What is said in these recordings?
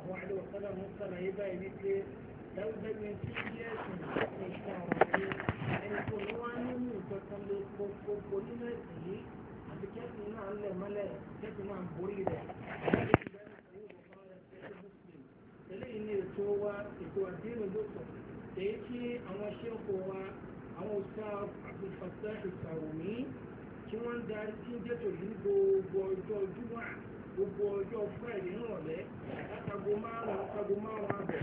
sallallahu alaihi wasallam ń sàlàyé báyìí wípé dáúdájú tí ó jẹ́ ẹ̀sìn ní ìṣẹ́ àwọn ọ̀rẹ́ ẹni tó ní wá nínú ìtọ́tán ló gbogbo nínú ẹ̀sìn yìí àti kẹ́sìn ni ètò wa ètò àdínú lókọ̀ èyí tí àwọn ṣẹ́kù wa àwọn òṣà àbúfàṣà ìṣàwòmí tí wọ́n ń darí tí ń jẹ́tò yìí gbogbo ọjọ́ ojúmọ́ gbogbo ọjọ́ fúrẹ́ẹ̀dì nírọ̀lẹ́ látago márùn-ún látago márùn-ún àbọ̀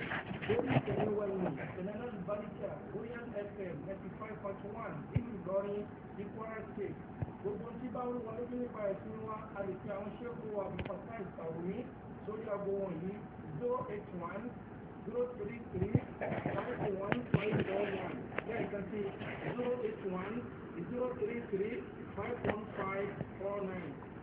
lórí ìtẹ̀wé wẹ̀yìn ìtẹ̀lẹ́nà ìbáríkà royal fm ninety five point one nínú ìlọrin ní kwara state gbogbo tí bá ń wọlé nípa ẹ̀sìn wa a lè fi àwọn ṣẹ́gun wa ìtàwùmí sórí aago wọ̀nyí zero eight one zero three three five one five four one lẹ́ẹ̀kan sí zero eight one zero three three five one five four nine.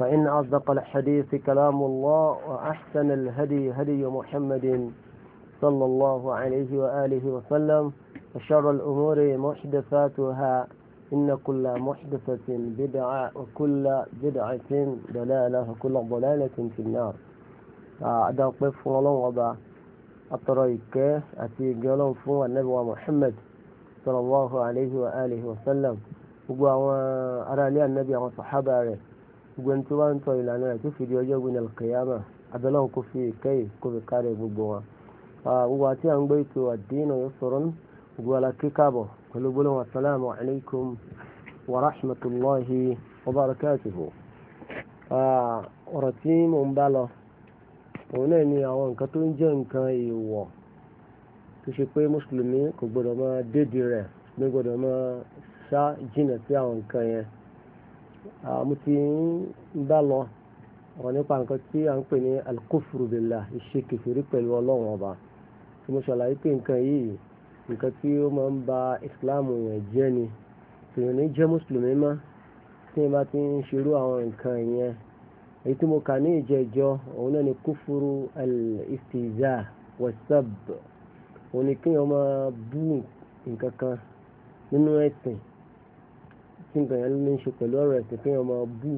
فإن أصدق الحديث كلام الله وأحسن الهدي هدي محمد صلى الله عليه وآله وسلم وشر الأمور محدثاتها إن كل محدثة بدعة وكل بدعة دلالة وكل ضلالة في النار أدعو قف ولنغض الطريق أتي قلن فو النبي محمد صلى الله عليه وآله وسلم وقوى أرى لي النبي وصحابه gbogbo ẹni tó bá ń tọ ìlànà rẹ̀ tó fi di ọjọ́ gbin alkiyama abẹ́lẹ́ kò fi ìkẹyì kò fi kárẹ̀ gbogbo wọn. gbogbo àti à ń gbé ètò àdínà yóò sọ̀rọ̀ gbogbo alákí káàbọ̀ pẹ̀lú gbólóhùn asalaamu alaykum wa rahmatulahi wa barakatuhu. ọ̀rọ̀ tí mò ń bá lọ òun náà ni àwọn nǹkan tó ń jẹ́ nǹkan èèwọ̀ tó ṣe pé mùsùlùmí kò gbọdọ̀ máa dédìí rẹ̀ kò gbọdọ̀ máa ṣá jìnà sí àwọn nǹkan yẹn. Ah, mo ti ń bá lọ ọ̀rọ̀ nípa nǹkan tí a ń pè ní al-kufru billah ìṣe kèfèrí pẹ̀lú ọlọ́run ọba tí mo ṣàlàyé pé nǹkan yìí nǹkan tí ó máa ń ba ìsìláàmù yẹn jẹ́ ni tèèyàn ní jẹ́ mùsùlùmí mọ́ tí wọ́n bá ti ń ṣerú àwọn nǹkan yẹn èyí tí mo kà ní ìjẹ́jọ́ òun náà ni kúfúrú al-istihza òun ni kéèyàn máa bú nǹkan kan nínú ẹ̀sìn tí nǹkan yẹn ní í ṣe pẹ̀lú ọ̀rọ̀ ẹ̀sìn kí wọ́n máa bú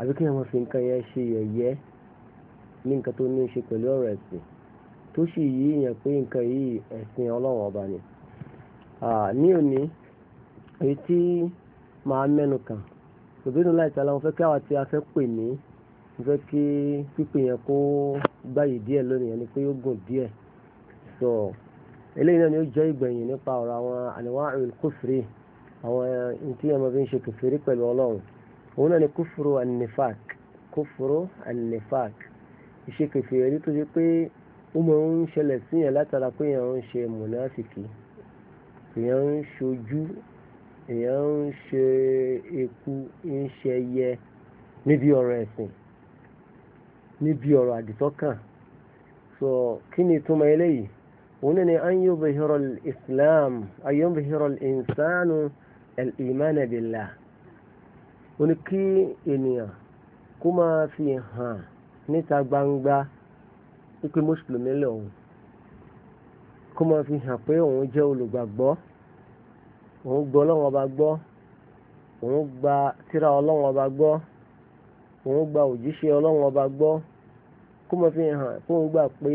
àbí kí wọ́n máa fi nǹkan yẹn ṣe yẹ̀yẹ́ ní nǹkan tó ní í ṣe pẹ̀lú ọ̀rọ̀ ẹ̀sìn tó sì yí yẹn pé nǹkan yìí ẹ̀sìn ọlọ́run ọba ni. ní òní èyí tí màá mẹ́nu kàn òbínú láìta la wọn fẹ́ kí àwọn tí a fẹ́ pè ní mo fẹ́ kí pípè yẹn kó gbàyè díẹ̀ lónìí yẹn ni pé yóò gùn díẹ̀ sọ eléyìí náà ni ó jẹ́ ìgbẹ̀yìn nípa ọ̀rọ̀ àwọn àníwá ìrìnkúfìrí àwọn ntí ọmọ bí ń ṣe kẹfìrí pẹ̀lú ọlọ́run òun náà ni kúfúrú anifak kúfúrú anifak ìṣe kẹfìrí tó ṣe pé ó mọ ń ṣẹlẹ̀ síyàn látara pé èèyàn ń ṣe mùnáfìkì èèyàn ń ṣojú èèyàn ń ṣe eku ń ṣe ẹyẹ níbi ọ̀rọ̀ ẹ̀sìn níbi ọ̀rọ̀ àdìsọ́kàn so kí ni túmọ̀ eléyìí òun náà ni an yóò bẹ̀ hìrọ̀ islam an yóò bẹ̀ hìrọ̀ ìnsánu al-iman billah ó ní kí ènìyàn kó máa fi hàn níta gbangba pípé mùsùlùmí lòun kó máa fi hàn pé òun jẹ́ olùgbàgbọ́ òun gbọ́ ọlọ́wọ́n ọba gbọ́ òun gba tírà ọlọ́wọ́n ọba gbọ́ òun gba òjíṣẹ́ ọlọ́wọ́n ọba gbọ́ kó máa fi hàn kó gbà pé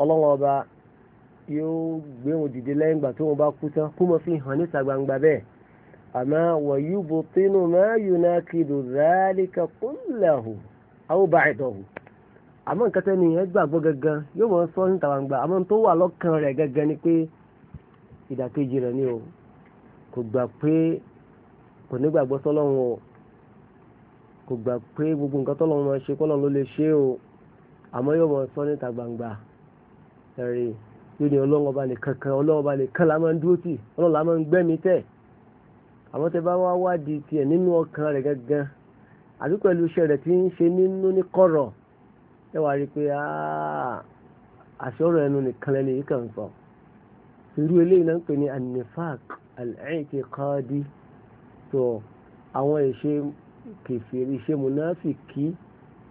ọlọ́wọ́n ọba yóò gbé wọn dìde lẹ́yìn ìgbà tí wọ́n bá kú tán kó mọ fi hàn níta gbangba bẹ́ẹ̀ àmọ́ wọ̀nyí bò tínú máa yùnà kìdù rálíkà kúlẹ̀hù àwòbá ìdọ̀hù àmọ́ nǹkan tẹ́ ni ẹ gbàgbọ́ gangan yóò mọ̀ sọ níta gbangba àmọ́ tó wà lọ́kàn rẹ̀ gangan ni pé ìdàkejì rẹ̀ ni o kò gbà pé kò ní gbàgbọ́ sọ́lọ́run o kò gbà pé gbogbo nǹkan tọ́lọ́run máa ṣe kọ́lọ́run ló lè ṣe o àmọ́ yóò mọ̀ sọ níta gbangba ẹ̀rí yóò ní ọlọ́run ọba nìkan kan ọlọ́run ọba nìkan la máa ń dúró tì ọlọ́run la máa ń gbẹ́mí tẹ̀ àwọn tẹ bá wá wádìí tiẹ̀ nínú ọkàn rẹ̀ gangan àbí pẹ̀lú iṣẹ́ rẹ̀ tí ń ṣe nínú ní kọ̀rọ̀ ẹ wá rí i pé àṣọrọ̀ ẹnu nìkan lẹ́nu yìí kàn sọ irú eléyìí náà ń pè ní anifak al-i'tiqadi tó àwọn ìṣe kèfèrí ìṣe mùnáfìkì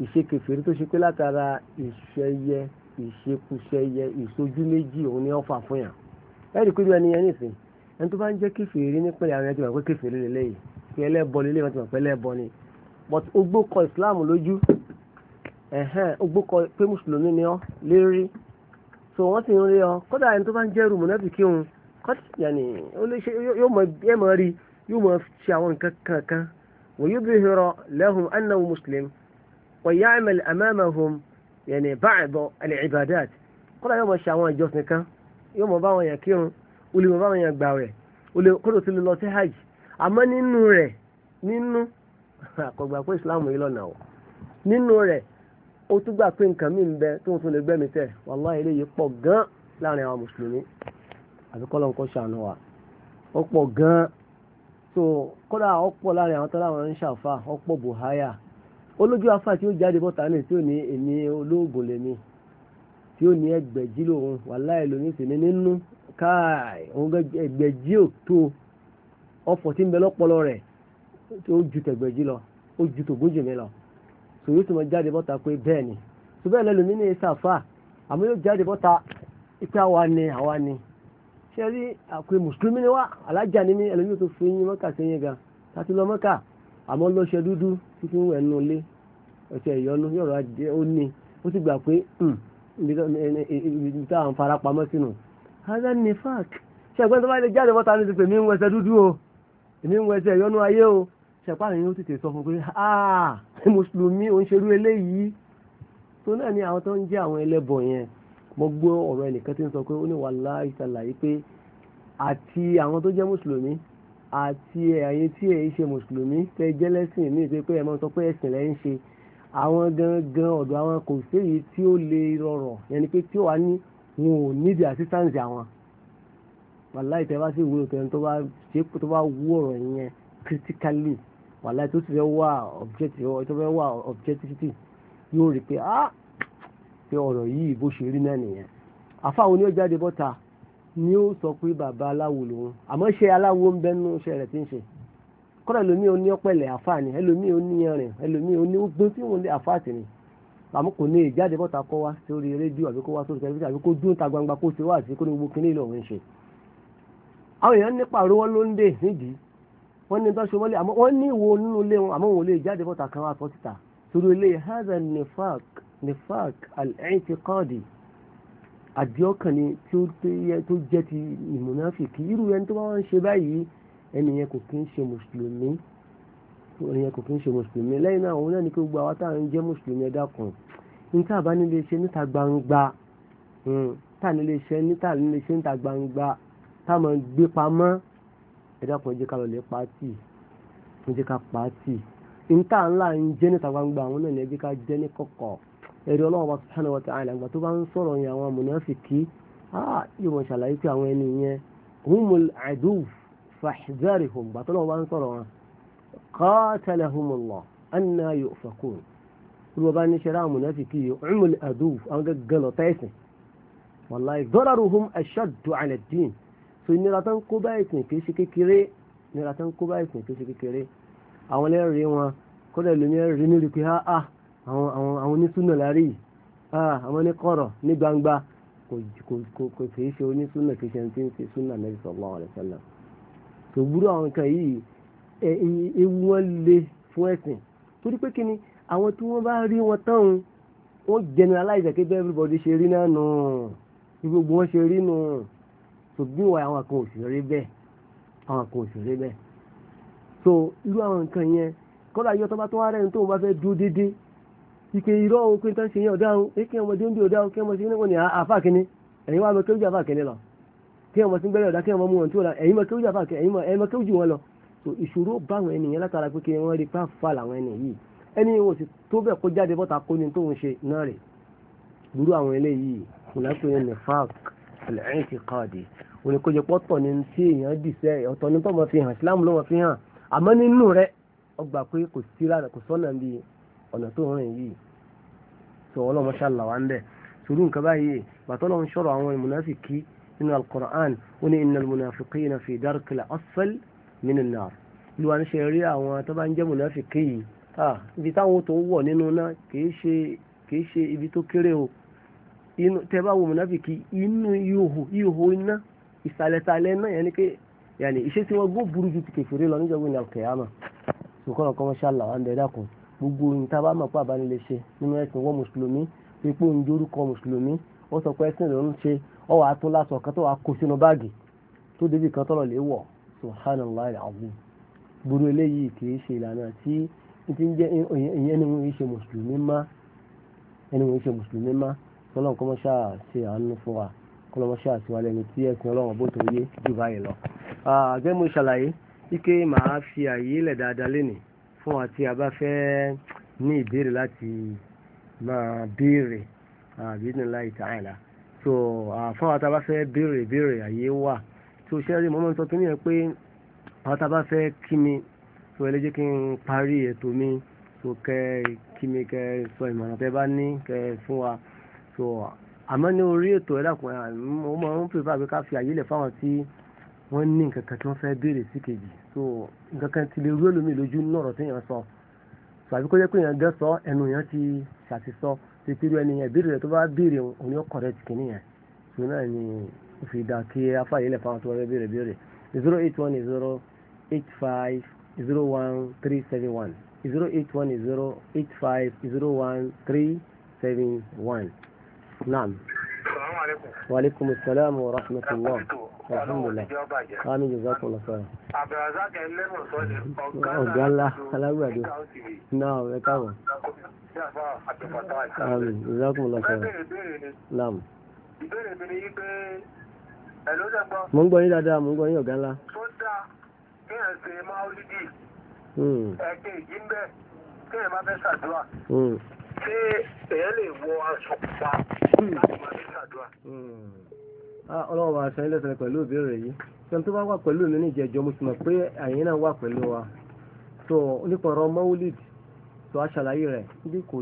ìṣe kèfèrí tó ṣe pé látara ìṣẹ́yẹ ìṣekúṣẹyẹ ìṣojú méjì òun ni ọ̀fà fún yàn ẹ̀rí pé bí ẹni yẹn nìsín ẹni tó bá ń jẹ́ kèfèrí nípìnlẹ̀ àwọn ẹni tó bá ń pẹ́ kèfèrí lélẹ́yìí kí ẹlẹ́bọ lélẹ́yìí wọn ti mọ̀ pé ẹlẹ́bọ ni but ogbó kọ Islam lójú ogbó kọ pé mùsùlùmí ni ọ lérí so wọ́n sì ń rí ọ kódà ẹni tó bá ń jẹ́rù mọ̀nẹ́bì kí òun kọ́tìyàní yóò mọ̀ rí yóò mọ̀ ṣe àwọn nǹkan kankan wa yudhiru lahum annahu muslim wa ya'mal amamahum yẹni báàbọ̀ al-ibadat kọ́lá yóò mọ̀ ṣe àwọn ìjọsìn kan yóò mọ̀ bá wọn yàn kírun ó lè mọ̀ wọn yàn gbààwẹ̀ ó lè kódò tó hajj nínú rẹ nínú o nínú tún gbà pé nǹkan bẹ tó ń tún lè gan láàrin àwọn mùsùlùmí kọlọ nǹkan ṣàánú wa ó gan so kódà ó láàrin àwọn tó láwọn ń ṣàfà ó bùháyà olójú afa tí ó jáde bọ́ta ní tí ó ní èmi olóògùn lèmi tí ó ní ẹgbẹ̀jì lòun wàláì lòun sì ní nínú káàì òun ẹgbẹ̀jì ò tó ọ̀fọ̀ tí ń bẹ lọ́pọlọ rẹ̀ tí ó ju tẹ̀gbẹ̀jì lọ ó ju tògójì mi lọ sòwò tí mo jáde bọ́ta pé bẹ́ẹ̀ ni tó bẹ́ẹ̀ lẹ́nu mi ní sàfà àmọ́ yóò jáde bọ́ta ipe àwa ni àwa ni ṣé rí àpè mùsùlùmí ni wá alájà ni mí ẹlòmíràn tó fi yín mọ́kà sí yín gan tàbí lọ mọ́kà àmọ́ lọ́ṣẹ dúdú kú tí ń wẹ̀ nù lé ọ̀tí ẹ̀yọ́nú yóò rà jẹ́ ó ní ó sì gbà pé hmm, ibi táwọn fara pamọ́ sínú. hada nifak ṣẹ̀gbọ́n tó bá lè jáde bọ́ta ní ti pè mí ń wẹsẹ̀ dúdú o èmi ń wẹsẹ̀ ẹ̀yọ́nú ayé o ṣẹ̀pá rẹ̀ yóò tètè sọ fún pé ah mùsùlùmí ò ń ṣerú eléyìí tó náà ni àwọn tó ń jẹ́ àwọn ẹlẹ́bọ̀ yẹn mo gbọ́ ọ̀rọ̀ ẹnìkan tí ń sọ pé ó ní wàhálà ìṣàlàyé pé àti àwọn tó jẹ́ mùsùlùmí àti ẹ̀yin tí ẹ̀ ń ṣe mùsùlùmí tẹ́ jẹ́lẹ́sìn mí pé ẹ̀ máa sọ pé ẹ̀sìn rẹ̀ ń ṣe àwọn gangan ọ̀dọ̀ àwọn kò séyìí tí ó lè rọrọ̀ yẹn ni pé tí wàá ní wọn ò níbi àsítáǹsì àwọn wàláì tẹ́ bá sì wúlò tẹ́ni tó bá ṣe tó bá wú ọ̀rọ̀ yẹn critically wàláì tó sì fẹ́ wà objective tó fẹ́ wà objectivity yóò rí pé ah pé ọ̀rọ̀ yìí bó ṣe rí náà nìyẹn àfáwọn oníyọ̀jáde bọ́ta ni ó sọ pé bàbá aláwo lòun àmọ́ ṣe aláwo ń bẹnu iṣẹ́ rẹ̀ ti ń ṣe kọ́dà ẹlòmíì ó ní ọ̀pẹ̀lẹ̀ àfáà ni ẹlòmíì ó ní ẹrìn ẹlòmíì ó ní ogun tí wọ́n lé àfáà tì ní àmọ́ kò ní ìjáde bọ́ta kọ́ wá sórí rédíò àbí kó wá sórí tẹlifíṣàn àbí kó dún ta gbangba kó ṣe wá àti kó ní gbogbo kíní ìlú ọ̀hún ṣe. àwọn èèyàn nípa àrówọ́ ló ń dè nídìí wọ́n ní àdìọ́kàn ni tí ó yẹ tó jẹ́ ti ìmùnáfìkì irú ẹni tó bá wọ́n ń ṣe báyìí ẹni yẹn kò kí ń ṣe mùsùlùmí ẹni yẹn kò kí ń ṣe mùsùlùmí lẹ́yìn náà òun náà ni kí gbogbo àwọn táwọn ń jẹ́ mùsùlùmí ẹ̀dá kan ní tá a bá nílé ṣe hmm, níta gbangba tá a nílé ṣe níta nílé ṣe níta gbangba tá a gbé pamọ́ ẹ̀dá kan jẹ́ ká lọ lè pàtì jẹ́ ká pàtì níta ńlá ń jẹ́ níta gbangba àwọn náà ni ẹgbẹ́ ká jẹ́ ẹ̀rí ọlọ́run bá subhanahu wa ta'ala ìgbà tó bá ń sọ̀rọ̀ yẹn àwọn amúnáfìkì yóò mọ̀ ṣàlàyé pé àwọn ẹni yẹn humul aduw fahzarihum gbà tó lọ́wọ́ bá ń sọ̀rọ̀ wọn qatalahumullah anna yufakun olùwọ́ bá ní ṣẹlẹ̀ amúnáfìkì yìí humul aduw àwọn gẹ́gẹ́ lọ tẹ́sìn wàláì dararuhum ashaddu ala din so ìnira tó kó bá ìsìn kì kékeré ìnira tó kó bá ìsìn kì àwọn onísúnà lárí àwọn oníkọ̀rọ̀ ní gbangba kò kìí ṣe onísúnà kìí ṣe tí ń ṣe súnà Nabi sallallahu alaihi wasallam tó gbúrú àwọn nǹkan yìí ewu wọn le fún ẹ̀sìn torí pé kíni àwọn tí wọ́n bá rí wọn tán wọ́n generalize kí bẹ́ẹ̀ everybody ṣe rí náà nù bí gbogbo wọn ṣe rí nù tó bí wọn àwọn kan ò sì rí bẹ́ẹ̀ àwọn kan ò sì rí bẹ́ẹ̀ so irú àwọn nǹkan yẹn kọ́dà yọ tó bá tó wá rẹ̀ ní tó bá fẹ́ dúró déédéé ike irọ́ ohun pé tán ṣe yẹn ọ̀dá ohun eh, kí ọmọdé ń bí ọ̀dá ohun kí ọmọ sí ní wọn ah, ni àfà kínní ẹ̀yin wá lọ kéwú jà fà kínní lọ kí ọmọ sí bẹ́rẹ̀ ọ̀dá kí ọmọ mú wọn tó la ẹ̀yin mọ kéwú jà fà kínní ẹ̀yin mọ kéwú jù wọn lọ so ìṣòro bá àwọn ènìyàn látara pé kí wọ́n rí pàfà làwọn ẹni yìí ẹni wọn sì tó bẹ̀ kó jáde bọ́ta kó ni tóun ṣe náà rè burú àwọn eléyìí kùnàpé ní nifaq al-i'tiqadi oníkójọ pọ́tọ̀ ni tí èèyàn dì sẹ́ ọ̀tọ̀ ni tọ́mọ fi hàn Islam ló wọn fi hàn àmọ́ nínú rẹ ọgbà pé kò sí rárá kò sọ́nà bíi ọ̀nà tó ń rìn yìí sọ ọlọ́mọ ṣàlàwà ń bẹ̀ sùúrù nǹkan báyìí bàtọ́ lọ́n ṣọ̀rọ̀ àwọn ìmùnáfìkì nínú al-Qur'an ó ní innal munafiqina fi darkil asfal minan nar ìlú wa ń ṣe rí àwọn tó bá ń jẹ́ mùnáfìkì yìí ibi táwọn tó wọ̀ nínú náà kìí ṣe ibi tó kéré o tẹ́ bá wo mùnáfìkì inú ihò ihò iná ìsàlẹ̀sàlẹ̀ náà yẹn ni pé yàní iṣẹ́ tí wọ́n gbó burú ju ti kèfèrè lọ níjọ́gbìn al-qiyamah ṣùkọ́ ọ̀kan ṣàlàwà ń bẹ̀ dákun gbogbo nǹkan bá mọ̀ pé àbánilẹ̀ ṣe nínú ẹ̀sìn wọ́n mùsùlùmí pé pé òun jórúkọ mùsùlùmí ó sọ pé ẹ̀sìn rẹ̀ ń ṣe ọ wàá tún lásán kan tó wàá kó sínú báàgì tó débi kan tọ̀rọ̀ lè wọ̀ subhanallah alazim gbogbo eléyìí kì í ṣe ìlànà tí ti ń jẹ́ ìyẹn ni wọ́n ṣe mùsùlùmí má ẹni wọ́n ṣe mùsùlùmí má ọlọ́run kọ́ mọ́ ṣáà ṣe àánú fún wa kọ́ lọ́mọ́ ṣáà ṣe wá lẹ́ni tí ẹ̀sìn ọlọ́run bó tó yé jù báyìí lọ. àgbẹ̀ ah, mo ṣàlàyé wípé màá fi àyè lẹ̀ dáadáa lénìí fún wa tí a bá fẹ́ ní ìbéèrè láti máa béèrè bismillahi ta'ala tó fún wa tá a bá fẹ́ béèrè béèrè àyè wà tó ṣe rí mọ́mọ́ sọ kí ni ẹ pé àwọn tá a bá fẹ́ kí mi tó ẹ lè kí n parí ètò mi tó kẹ́ kí mi kẹ́ sọ ìmọ̀ràn tẹ́ bá ní kẹ́ fún wa tó àmọ́ ní orí ètò ẹ̀dàkùnrin àwọn ọmọ òun pè fún àgbéká fi àyè lẹ̀ fáwọn tí wọ́n ní nǹkan kan tí wọ́n fẹ́ béèrè sí kejì so nǹkan kan ti lè rú ẹlòmíì lójú nọ̀rọ̀ tí èèyàn sọ so àbí kó jẹ́ pé èèyàn gẹ́ sọ ẹnu èèyàn ti ṣàtisọ́ ti pẹ̀lú ẹni yẹn béèrè rẹ̀ tó bá béèrè òun yóò correct kìíní yẹn so náà ni òfin ìdá kí afáyé lẹ̀ fáwọn tó wọ́n fẹ́ béèrè béèrè zero eight one zero eight five zero one three seven one zero eight one zero eight five zero one three seven one naam. salaamaleykum. wa salaam wa rahmatulah alhamdulilayi wọn ni yorùbá kò lọ sọ̀rọ̀. abdulrasaq ẹlẹ́mọ̀ sọ́ni ọ̀gá ńlá alágbàdo náà ẹ káwọn. àmín yorùbá kò lọ sọ̀rọ̀. naam. ìbéèrè mi ni pé mo ń gbọ́ yín dáadáa mo ń gbọ́ yín ọ̀gá ńlá. tó dáa kí ẹ ṣe máa ẹ̀kẹ́ ìjì kí ẹ má fẹ́ ṣàdúrà. Hmm. ṣé èèyàn lè wọ aṣọ pupa hmm. láti má fẹ́ ṣàdúrà. Hmm. Ah, ọlọ́wọ́ aṣọ ẹlẹ́sẹ̀ pẹ̀lú ìbéèrè yìí sọ tó bá wà pẹ̀lú mi ní ìjẹ́jọ́ mo sì mọ̀ pé àyìn náà wà pẹ̀lú wa tó nípa ọ̀rọ̀ mọ́wúlìd tó aṣàlàyé rẹ̀ bí kò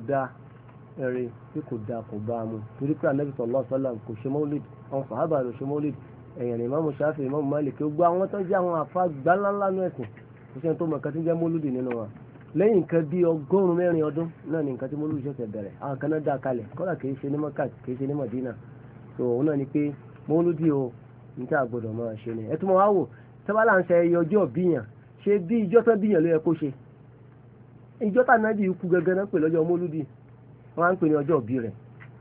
a mu torí pé anabi sallallahu alaihi wasallam kò ṣe mọ́wúlìd àwọn sàhábà ló ṣe mọ́wúlìd ẹ̀yàn ni imáàmù ṣáfì imáàmù málìkì gbọ́ àwọn tó jẹ́ àwọn àfa gbáńláńlá nú ẹ̀sìn kò sẹ́ni mọ́lúdì o níta àgbọ̀dọ̀ máa ṣe ni ẹ tún mọ wá wò tábàlà ń ṣe ẹyẹ ọjọ́ bíyàn ṣe bí ijọ́ tán bíyàn ló yẹ kó ṣe ijọ́ tá ànábì ikú gangan náà pè lọ́jọ́ mọ́lúdì wọ́n á ń pè ní ọjọ́ bí rẹ̀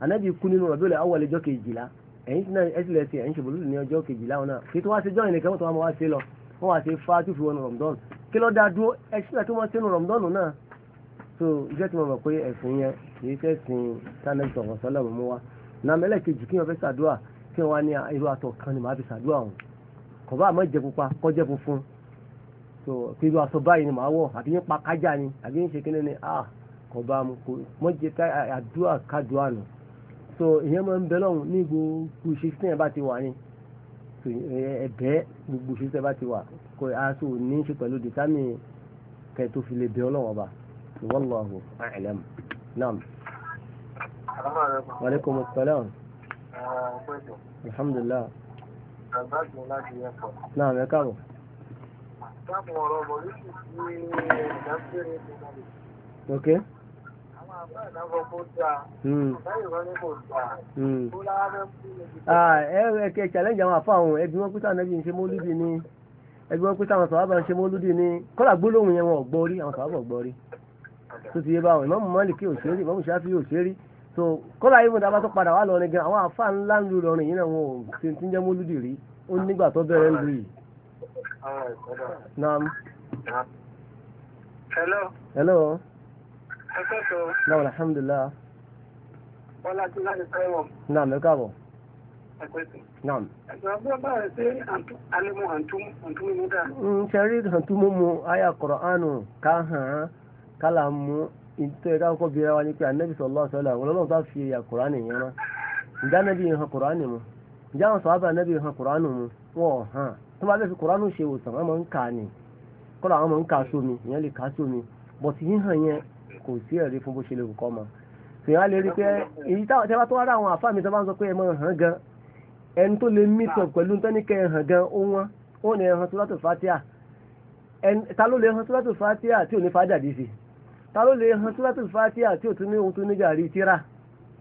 ànábì ikú nínú rẹ̀ bílẹ̀ awọ́lẹ̀ ọjọ́ kejìlá ẹ̀yìn náà ẹ tilẹ̀ ṣe ẹ̀yìn ṣòbòlù ní ọjọ́ kejìlá wọn náà kí tó wá ṣe jọ́ ìnìkan tó wá ṣe lọ wọ́n wá ṣe fa tó fi wọnú rọ̀mdọ́n kí lọ́ da dúró ẹ̀ṣin náà tó wọ́n ṣe nu náà so iṣẹ́ tí mo mọ̀ pé ẹ̀sìn yẹn kì í fẹ́ sin tánẹ́tì ọ̀rọ̀ sọ́lá mọ́ wa kí wọ́n ní irú àtọ̀ kan ni màá fi ṣàdúrà wọn kò bá àmọ́ jẹ pupa kọ́ jẹ funfun so kí irú aṣọ báyìí ni màá wọ̀ àbí yín pa kájà ni àbí yín ṣe kí ni ah kò bá mu kò mọ́ jẹ ká àdúrà kádùá nù so ìyẹn máa ń bẹ lọ́hùn ní gbogbo ìṣesí tẹ̀yìn bá ti wà ni so ẹ̀bẹ́ gbogbo ìṣesí tẹ̀yìn bá ti wà kò aṣọ ò ní ṣe pẹ̀lú dìtámì kẹ́ tó fi lè bẹ ọlọ́run ọba wallahu a'lam naam. Wa alaykum assalam alhamdulilah. náà ẹ káàbọ̀. dákun ọ̀rọ̀ bọ̀ yìí ti ṣe ìdágbére ti náà. ok. àwọn àgbà ìdágbọ́ kó dáa. lẹ́yìn wọn ni kò dáa. kó lára fẹ́ kú níbi. ẹ ẹ kẹ challenge àwọn àfa àwọn ẹbí wọn pítà nẹbi ṣe mólúdi ni ẹbí wọn pítà àwọn sọ̀rọ̀ ṣe mólúdi ni kọ́là gbólóhùn yẹn wọn ò àwọn sọ̀rọ̀ gbọ́ tó ti yé báwọn ìmọ̀ọ́mù mọ́lì kí òṣèré ìmọ̀ọ́mù ṣáfì òṣèré so kọ́lá yìí múdà bá tó padà wà lọ́rin gan àwọn àfa ńlá ń lu lọ́rin yìí náà wọn ò ṣe ti ń jẹ́ mólúdì rí ó nígbà tó bẹ̀rẹ̀ ń lu yìí. naam. hello. hello. ẹ fẹ́ sọ. naam alhamdulilah. bọ́lá tí láti fẹ́ wọ̀. naam ẹ káàbọ̀. ẹ pẹ́ sọ. naam. ẹ̀sọ́ bí wọ́n bá rẹ̀ ṣe alimu hantumu hantumu mú dáa. ń ṣe rí hantumu mu aya Qur'anu ká hàn án kálá mú ìtọ́ ẹ̀ka kọ́kọ́ bí ara wa ni pé anabi sallallahu alaihi wasallam ọlọ́run bá fi ẹ̀yà kùránì yẹn ndị ǹjẹ́ anabi yẹn hàn kùránì mu ǹjẹ́ àwọn sọ̀rọ̀ anabi yẹn hàn kùránì mu wọ́n hàn tó bá fi kùránì ṣe ń kà ń kà sómi ìyẹn lè kà sómi bọ̀tì yẹn kò sí ẹ̀rí fún bó ṣe ma ta ló lè hàn tí ta ló lè han suratul fatiha tí ò tún ní ohun tó ní gàrí tíra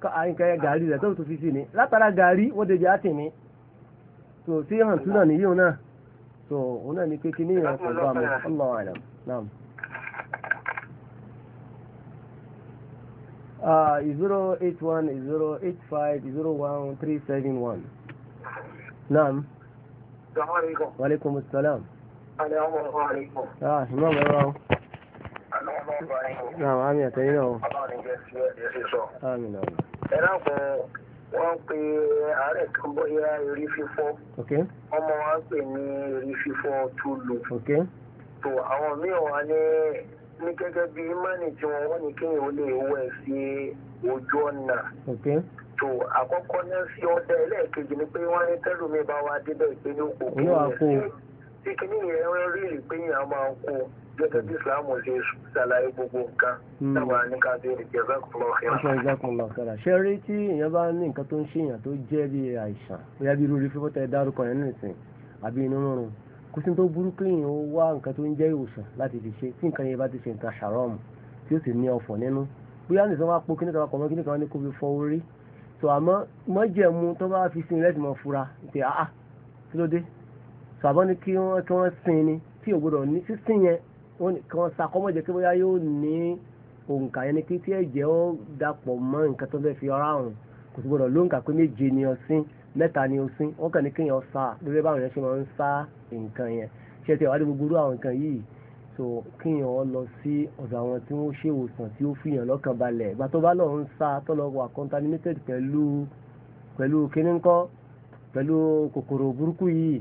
nǹkan gàrí rẹ̀ tó tún fi sí ni látara gàrí wọ́n dèjì á tì mí tó sí hàn tún náà nìyí òun náà tó òun náà ni pé kí níyàn kò bá mi Allahu alam naam. zero eight one zero eight five zero one three seven one. naam. salaamaleykum. ah imam ẹ̀rọ náà àmì àtẹ̀yìn náà. ẹ dákun wọ́n pe àárẹ̀ kan bóyá eré fífọ́ ọmọ wa pè ní eré fífọ́ tó lò tó àwọn míì wà ní ní gẹ́gẹ́ bí mánì tí wọ́n wọ́n ní kéèyàn ó lè wẹ̀ sí ojú ọ̀nà ètò àkọ́kọ́ ní sí ọdẹ ẹlẹ́ẹ̀kejì ni pé wọ́n ní tẹ́lùmí bá wa débẹ̀ ìpínlẹ̀ òkú kí wọ́n ìkíní yẹn wọ́n rí ìpínyà máa ń kó gẹ́gẹ́ bí ìsìláàmù ṣe ṣàlàyé gbogbo nǹkan dábàá hmm. ní kábíyèrè jẹ́fẹ́ kúrò ọ̀hìn. aṣọ ìjákùnlọ ọ̀kadà ṣe rí tí èèyàn bá ní nǹkan tó ń ṣèyàn tó jẹ́ bí àìsàn bóyá bí irú orí fífọ́ tẹ dárúkọ yẹn nìsín àbí inú rúnrún kò sí tó burú pé èèyàn wá nǹkan tó ń jẹ́ ìwòsàn láti fi ṣe tí nǹkan yẹn bá ti ṣe nǹkan ṣàrọ́ọ̀mù tí ó sì ní ọ̀fọ̀ nínú bóyá nìkan wá pọ̀ kíníkan wá pọ̀ kíníkan wá ní kó fi fọ orí tó àmọ́ mọ́jẹ̀mú tó bá fi sin rẹ́ẹ̀tì mọ́ fura pé àá kí ló dé sàbọ́n ni kí wọ́n kí wọ́n sin ni tí ò gbọdọ̀ ní sísìn yẹn kí wọ́n sa kọ́mọ̀ jẹ́ kí yóò ní òǹkà yẹn ni kí tí ẹ̀jẹ̀ ó dàpọ̀ mọ́ nǹkan tó fẹ́ fi ọ̀rá ọ̀run kò sì gbọdọ̀ lóǹkà pé méje ni ọ̀sìn mẹ́ta ni ọ̀sìn wọ́n kàn ní kí yẹn sa lórí báwọn yẹn ṣe máa ń sa nǹkan yẹn ṣe ti ìwádìí gbogbo àwọn nǹkan yìí so kí yẹn lọ sí ọ̀dọ̀ àwọn tí wọ́n ṣe ìwòsàn tí ó fi yàn lọ́kàn balẹ̀ ìgbà tó bá lọ ń sa tó lọ wà contaminated pẹ̀lú pẹ̀lú kíníkọ́ pẹ̀lú kòkòrò burúkú yìí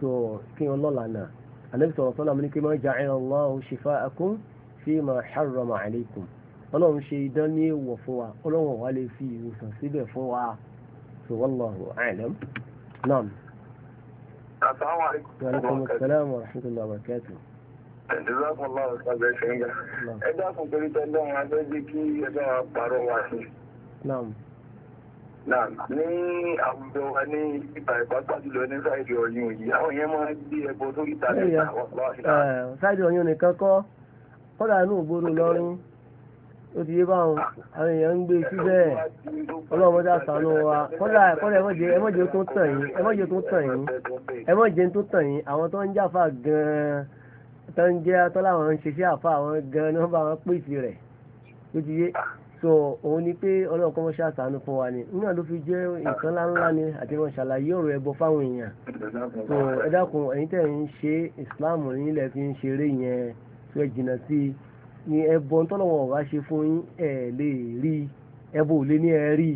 so kí wọn lọ lànà anabi sọ̀rọ̀ sọ́nà mi ní kí wọ́n ja'ala Allahu shifa'akum fima harrama alaykum ọlọ́run ṣe idán ní èèwọ̀ fún wa ọlọ́run wa lè fi ìwòsàn síbẹ̀ fún wa so wallahu a'lam naam. assalamu alaykum. wa alaykum assalam wa rahmatullahi wa barakatuh ìdílákùnláwọ̀ sábẹ́ ṣẹ́ńgá ẹ dákun torí tẹ́lẹ̀ wọn abẹ́ jẹ́ kí ẹjọ́ wa parọ́ wa sí ní àwùjọ wa ní ìgbà ìpápá jùlọ ní sáìdì ọ̀yún yìí àwọn yẹn máa ń gbé ẹbọ sórí ìtàlẹ̀ sáìdì ọ̀yún nìkan kọ́ kọ́dà inú ògbóró lọ́rùn ó ti yé báwọn àwọn èèyàn ń gbé e síbẹ̀ ọlọ́mọdé àṣàánú wa kọ́dà kọ́dà ẹ̀mọ́jẹ ẹ̀mọ́jẹ tó tàn yín ẹ̀mọ́jẹ tó tàn yín ẹ̀mọ́jẹ tó tàn yín àwọn tó ń jáfa gan-an tó ń jẹ́ tọ́lá àwọn ń ṣiṣẹ́ àfa àwọn gan-an ní wọ́n bá wọn pèsè rẹ̀ ó ti yé so òun ni pé ọlọ́run kọ́ mọ́ fún wa ni nígbà ló fi jẹ́ nǹkan ńláńlá ni àti wọn ṣàlàyé ọ̀rọ̀ ẹbọ fáwọn so ẹ dákun ẹ̀yin tẹ̀ ń ṣe islam fi ń ṣeré yẹn tó ẹ jìnnà sí i ni ẹbọ ntọ́lọ́wọ̀n ọ̀gá ṣe fún yín ẹ lè rí ẹbọ ò ní ẹ rí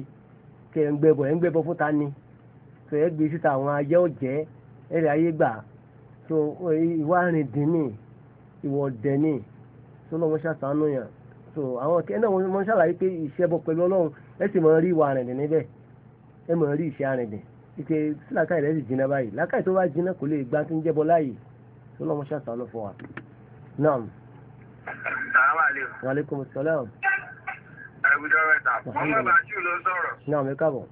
kẹ ń gbẹbọ ẹ ń gbẹbọ fún ta ni so ẹ gbé síta àwọn ọ̀jẹ́ ẹ so so àwọn kẹ́ náà wọ́n ń ṣàlàyé pé ìṣẹ́bọ pẹ̀lú ọlọ́run ẹ sì máa rí ìwà àrẹ̀dẹ̀ níbẹ̀ ẹ máa rí ìṣẹ́ àrẹ̀dẹ̀ ike sílàkà rẹ̀ sì jiná báyìí làkàì tó bá jiná kò lè gbá tó ń jẹ́bọ láàyè tó lọ́mọ ṣàṣàlọ́ fún wa. naam. waaleykum salaam. àwùjọ rẹ̀ tà mọ́mọ́ bàṣù ló sọ̀rọ̀.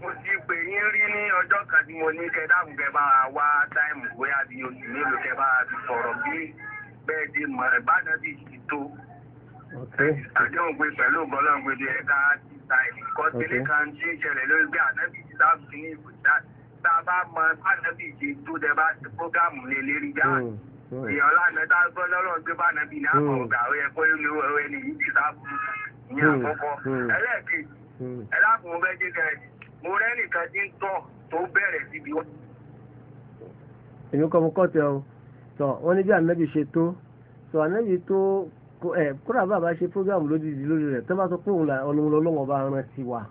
mo ti pè yín rí ní ọjọ́ kan tí mo ní kẹ́dáàbù kẹ́ bá wá táìmù bóyá bí oṣù mélòó kẹ́ bá sọ̀rọ̀ bí bẹ́ẹ̀ di mọ̀ ẹ̀ bá náà ti àdéhùn pé pẹ̀lú ọgọ́lọ́ gbèdé ẹ̀ka ti ta ìkọ́ sílé kan tí ń ṣẹlẹ̀ lórí pé ànábì ti sá sí ní ìbùdá tá a bá mọ ànábì ṣe tó dẹ bá ti prógámù lé lérí já èèyàn hmm, hmm. lánàá tá a gbọ́ lọ́rọ̀ pé bá ànábì ní àmọ̀ hmm. ọ̀gá ó yẹ kó ló ẹwẹ́ ní ìdí sá fún ní àkọ́kọ́ ẹlẹ́ẹ̀kejì ẹlẹ́kùnrin bẹ́ẹ̀ jẹ́ kẹrẹ̀dì mo rẹ́nìkan tí ń tọ̀ tó bẹ̀rẹ̀ síbi wọn. èmi kọ́ mo kọ́ tẹ ọ tọ wọn ní bí ànábì ṣe tó tọ ànábì tó kódà bàbá ṣe program lójijì lórí rẹ̀ tó bá sọ pé òun lọ́wọ́ bá rán sí wa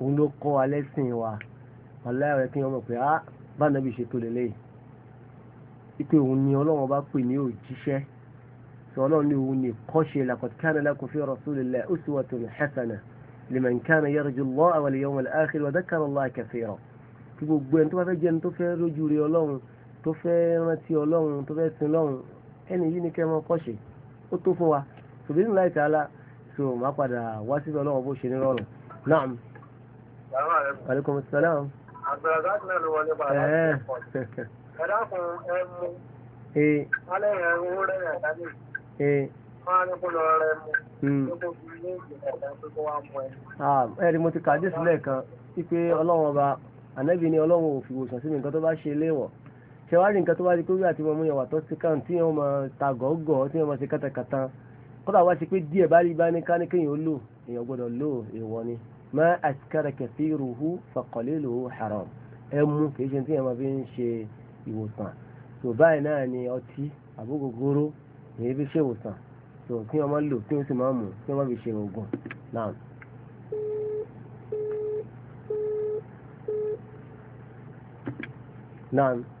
òun ló kọ́ wa lẹ́sìn wa ọ̀láyà rẹ̀ kí wọ́n mọ̀ pé á ah, bá nàbí ṣètò lélẹ́yìí ipe òun ni ọlọ́wọ́n bá pè ní òjíṣẹ́ tí ọlọ́run ní òun ní kọ́ṣe laqad kana lakum fi rasulillahi uswatun hasana liman kana yarju Allaha wal yawmal akhir wa dhakara Allaha kathira kí gbogbo ẹni tó bá fẹ́ jẹun tó fẹ́ rójú rí ọlọ́run tó fẹ́ rántí ọlọ́run tó fẹ́ sin ọlọ́run ẹni yìí ni kẹ́ mọ́ kọ́ṣe ó tó fún wa tòbí nínú láì tààlà so máa padà wá síbi ọlọ́run bó ṣe ní rọrùn naam. aleykum salaam. àgbàlagbà náà ló wọlé bàbá àti ẹ̀kọ́ ẹ̀ dákun ẹ mú alẹ́ yẹn ń rẹ̀ yàrá dání ẹ̀rí mo ti kàdé sílẹ̀ kan wípé ọlọ́run ọba ànábì ni ọlọ́run ò fi wòsàn sí mi nǹkan tó bá ṣe léèwọ̀ ṣẹwárí nǹkan tó wá di pé wíwá tí wọn mú yàn wà tó sí kan tí wọn mọ ta gọ́gọ́ tí wọn mọ ṣe kátàkátà kọ́dà wá ṣe pé díẹ̀ bá rí bá ní ká ní kéèyàn lò èèyàn gbọ́dọ̀ lò èèwọ̀ ni má askara kathiruhu faqaliluhu haram ẹ mú kì í ṣe tí wọn máa fi ń ṣe ìwòsàn tó báyìí náà ni ọtí àbógógóró èyí fi ṣe ìwòsàn tó kí wọn máa lò kí wọn sì máa mú kí wọn máa fi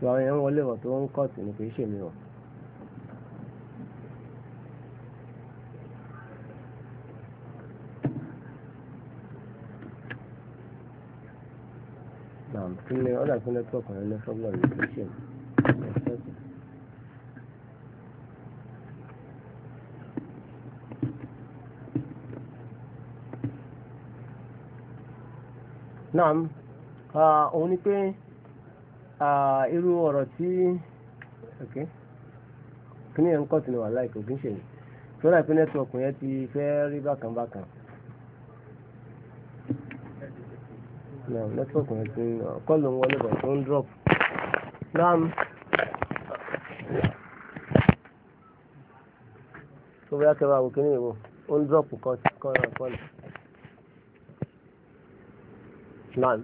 tí àwọn èèyàn wọlé wọn tó ń kọ́ọ̀tù ní kì í ṣèmi o. kíni ọ̀dà fún nẹ́tíwọ̀kì rẹ̀ lẹ́fọ́gbọ̀n rẹ̀ kì í ṣe naam ah, òun ni pé irú ọ̀rọ̀ tí kíní ẹ̀ ń kọ́ tìǹbà láìpẹ́ kí n ṣe tó láìpẹ́ nẹ́tíwọ̀kì yẹn ti fẹ́ rí bákan bákan. nẹ́tíwọ̀kì yẹn ti kọ́ọ̀lù ń wọlé bọ̀ tó ń drop. naam tó bá kẹwàá wò kíní ìwò ó ń drop kọ́ kọ́ ọ̀rọ̀ kọ́ọ̀lù. naam.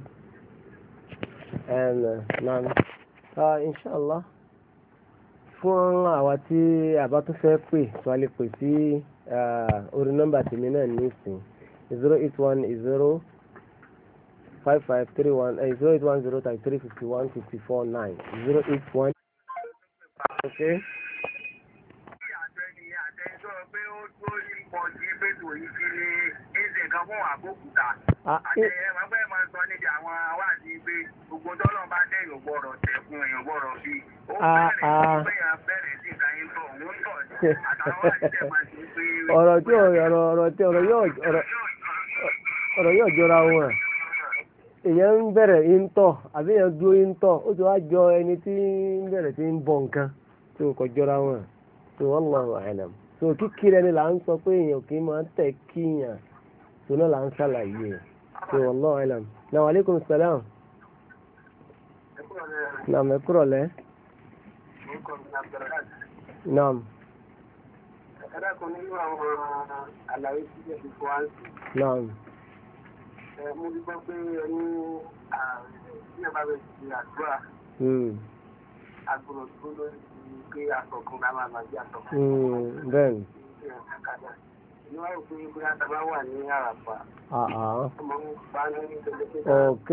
Ah, inṣàlá fún àwa tí a bá tún fẹ́ pè tí wàá lè pè sí ah, orí nọ́mbà tèmi náà ní ìsìn zero eight one zero five five three one eh, zero eight one zero thirty three fifty one fifty four nine zero eight one. okay. Ah, àtẹ̀yẹ máa sọ níbi àwọn awáàdì pé gbogbo tọ́lọ́ bá dé ìyọ̀gbọ̀rọ̀ tẹ̀kùn ìyọ̀gbọ̀rọ̀ bíi ó bẹ̀rẹ̀ bẹ̀yàn bẹ̀rẹ̀ sí ah. tọ̀ tọ̀ àtàwọn máa ti ọ̀rọ̀ tí ọ̀rọ̀ yóò jọra wọn ń bẹ̀rẹ̀ tọ̀ àbí dúró tọ̀ ó ti wá jọ ẹni tí náà aleykum salaam. naam ẹ kúrọ̀ lẹ́. naam. ẹ dákun nínú àwọn àlàyé tí ẹ ti fọ àǹtí. naam. ẹ mo ti gbọ́ pé ẹ ní àrùn tí ẹ bá bẹ ti àdúrà. Hmm. agbọ̀rọ̀ tó lórí pé àtọ̀kùn náà máa máa jẹ́ àtọ̀kùn. bẹ́ẹ̀ ni. ok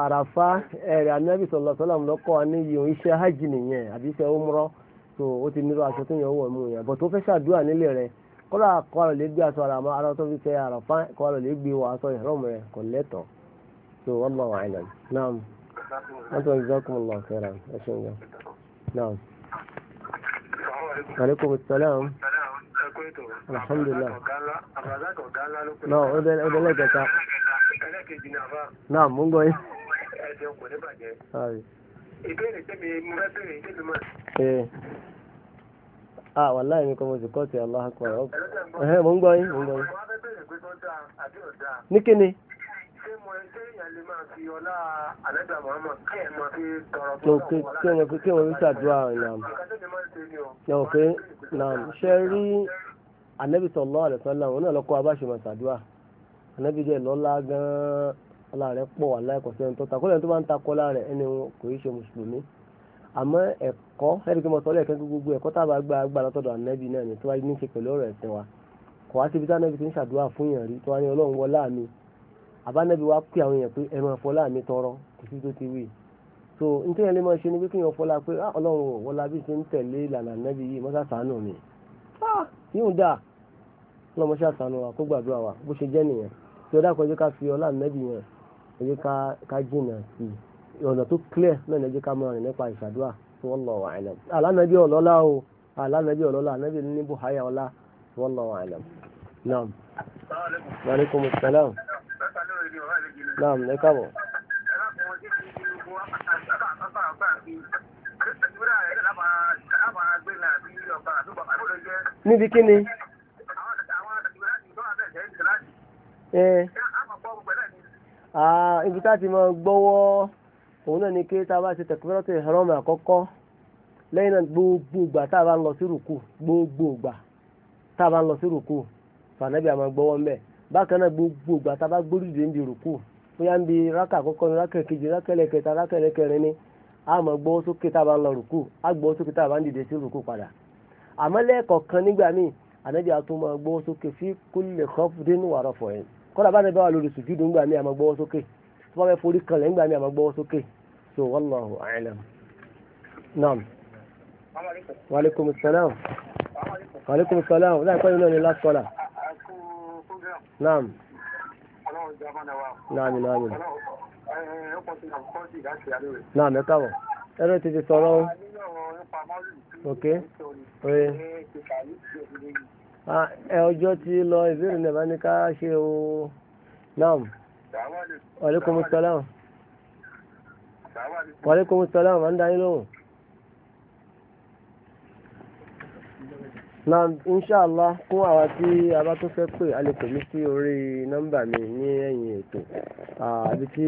àràfá ẹ̀rẹ̀ anábì sọ̀lọ̀ sọ́lọ̀ lọ́kọ́ ní yìí iṣẹ́ hajj nìyẹn àbí iṣẹ́ umrọ́ tó ó ti nílò aṣọ tó yàn wọ̀ mú yẹn bọ̀ tó fẹ́ ṣàdúrà nílé rẹ̀ kọ́lá kọ́lá lè gbé aṣọ àràmọ́ ara tó fi ṣe àràfá kọ́lá lè gbé aṣọ ìrọ̀mù rẹ̀ kò lẹ́tọ̀ tó wọ́n lọ wà ilẹ̀ náà wọ́n tó ń zọ́kùn lọ kẹ́ra ẹ̀ ṣe náà. alhamdulilayi náà ó o ó dé lẹ́kẹ̀ẹ́ta náà mú gbọ́ yín. ìbéèrè tẹ́mi mo fẹ́ bèrè tẹ́mi mọ́. Ah, wàláì mi kọ́ mo sì kọ́ ti aláhàkọ́ rẹ̀. Ẹ̀hẹ́, mo ń gbọ́ mo ń gbọ́ yín ọkùnrin kéèyàn lè máa fi ọlá àlẹ́dà mọ́mọ́ kéèyàn máa fi tọrọ fún ọkùnrin. kéèyàn fi kéèyàn fi ṣàdúrà ìlànà. kéèyàn fi ìlànà ṣe rí ànábì sallallahu alaihi wasallam náà lọ́kọ́ abáṣemọ̀ ṣàdúrà ànábì jẹ́ lọ́lá gan-an ọlá rẹ̀ pọ̀ wà láìkọ̀ sí ẹni tó bá ń takọ́ ọlá rẹ̀ ẹni kò í ṣe mùsùlùmí àmọ́ ẹ̀kọ́ ẹ̀rí pé mo sọ lẹ́ẹ̀kẹ́ gbogbo ẹ̀kọ́ tá a bá gba agbára látọ̀dọ̀ ànábì náà ni tó wáyé ní í ṣe pẹ̀lú ọ̀rọ̀ ẹ̀sìn wa kò wá síbi tí ànábì ti ń ṣàdúrà fún yàn tó wá ní wọlá mi àbánábi wa pé àwọn èèyàn pé ẹ máa fọlá mi tọrọ kò sí tó ti wí so n tẹ́yìn lè máa ṣe ni pé kí èèyàn fọlá pé ah, ọlọ́run wọlá bí ṣe ń tẹ̀lé ìlànà ànábì yìí mọ́sá sànù mi ah, yóò dáa ọlọ́run mọ́sá sànù wa kó gbàdúrà wa bó ṣe jẹ́ nìyẹn tí ọ̀dà kan jẹ́ ká fi ọlá ànábì yẹn ẹ̀jẹ̀ ká jìnà sí i ọ̀nà tó clear náà ẹ̀jẹ̀ ká máa rìn nípa ìṣàdúrà fún wallahu a'lam alánàbí ọ̀lọ́lá o alánàbí ọ̀lọ́lá ànábì ní naam ẹ káàbọ̀. níbi kí ibi tá ti máa gbọ́wọ́ òun náà ni kí tá bá ṣe tẹ̀kúrọ́tì ìhẹ́rọ́mù àkọ́kọ́ lẹ́yìn náà gbogbo ìgbà tá a bá ń lọ sí rùkù gbogbo ìgbà tá a bá ń lọ sí rùkù fànàbí àmọ́ gbọ́wọ́ ń gbogbo ìgbà tá a bá gbórí ìdè bóyá ń bi rákà àkọ́kọ́ ní rákà kejì rákà ẹlẹ́kẹta rákà ẹlẹ́kẹrin ni a máa gbọ́ sókè tá a bá ń lọ rùkù a gbọ́ sókè tá a bá ń dìde sí rùkù padà àmọ́ lẹ́ẹ̀kọ̀kan nígbà míì ànábì àti máa gbọ́ sókè fi kulli khafdin wa raf'in kọ́dà bá nàbẹ́ wà lórí sùjúdù ńgbà míì a gbọ́ sókè tó bá fẹ́ forí kanlẹ̀ ńgbà míì a gbọ́ sókè so wallahu a'lam. salaam láàmì láàmì. náà mẹ́ta wọ̀ ẹ̀rọ ti ti sọ̀rọ̀ o. ok oye. ẹ ọjọ́ ti lọ ìbéèrè náà bá ní ká ṣe o náà. wàlékùmù sọlá. wàlékùmù sọlá màá ń dá yín lóhùn. na inṣàlá fún àwa tí a bá tó fẹ́ pè a lè pè mí sí orí nọ́mbà mi ní ẹ̀yìn ètò àbí tí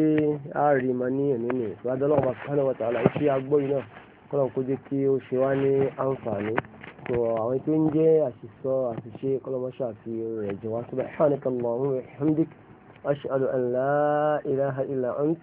a rí mọ ní ẹ̀mí mi ìwádìí ọlọ́run bá sọ́kànlẹ̀ wọ̀tà ọ̀la ìṣe agbóyin náà kọ́lọ́n kó jẹ́ kí ó ṣe wá ní àǹfààní tó àwọn tó ń jẹ́ àṣìṣọ àṣìṣe kọ́lọ́mọṣọ́ àti rẹ̀ jẹ́ wá síbẹ̀ subhanaka Allahumma wa bihamdik ashhadu an la ilaha illa ant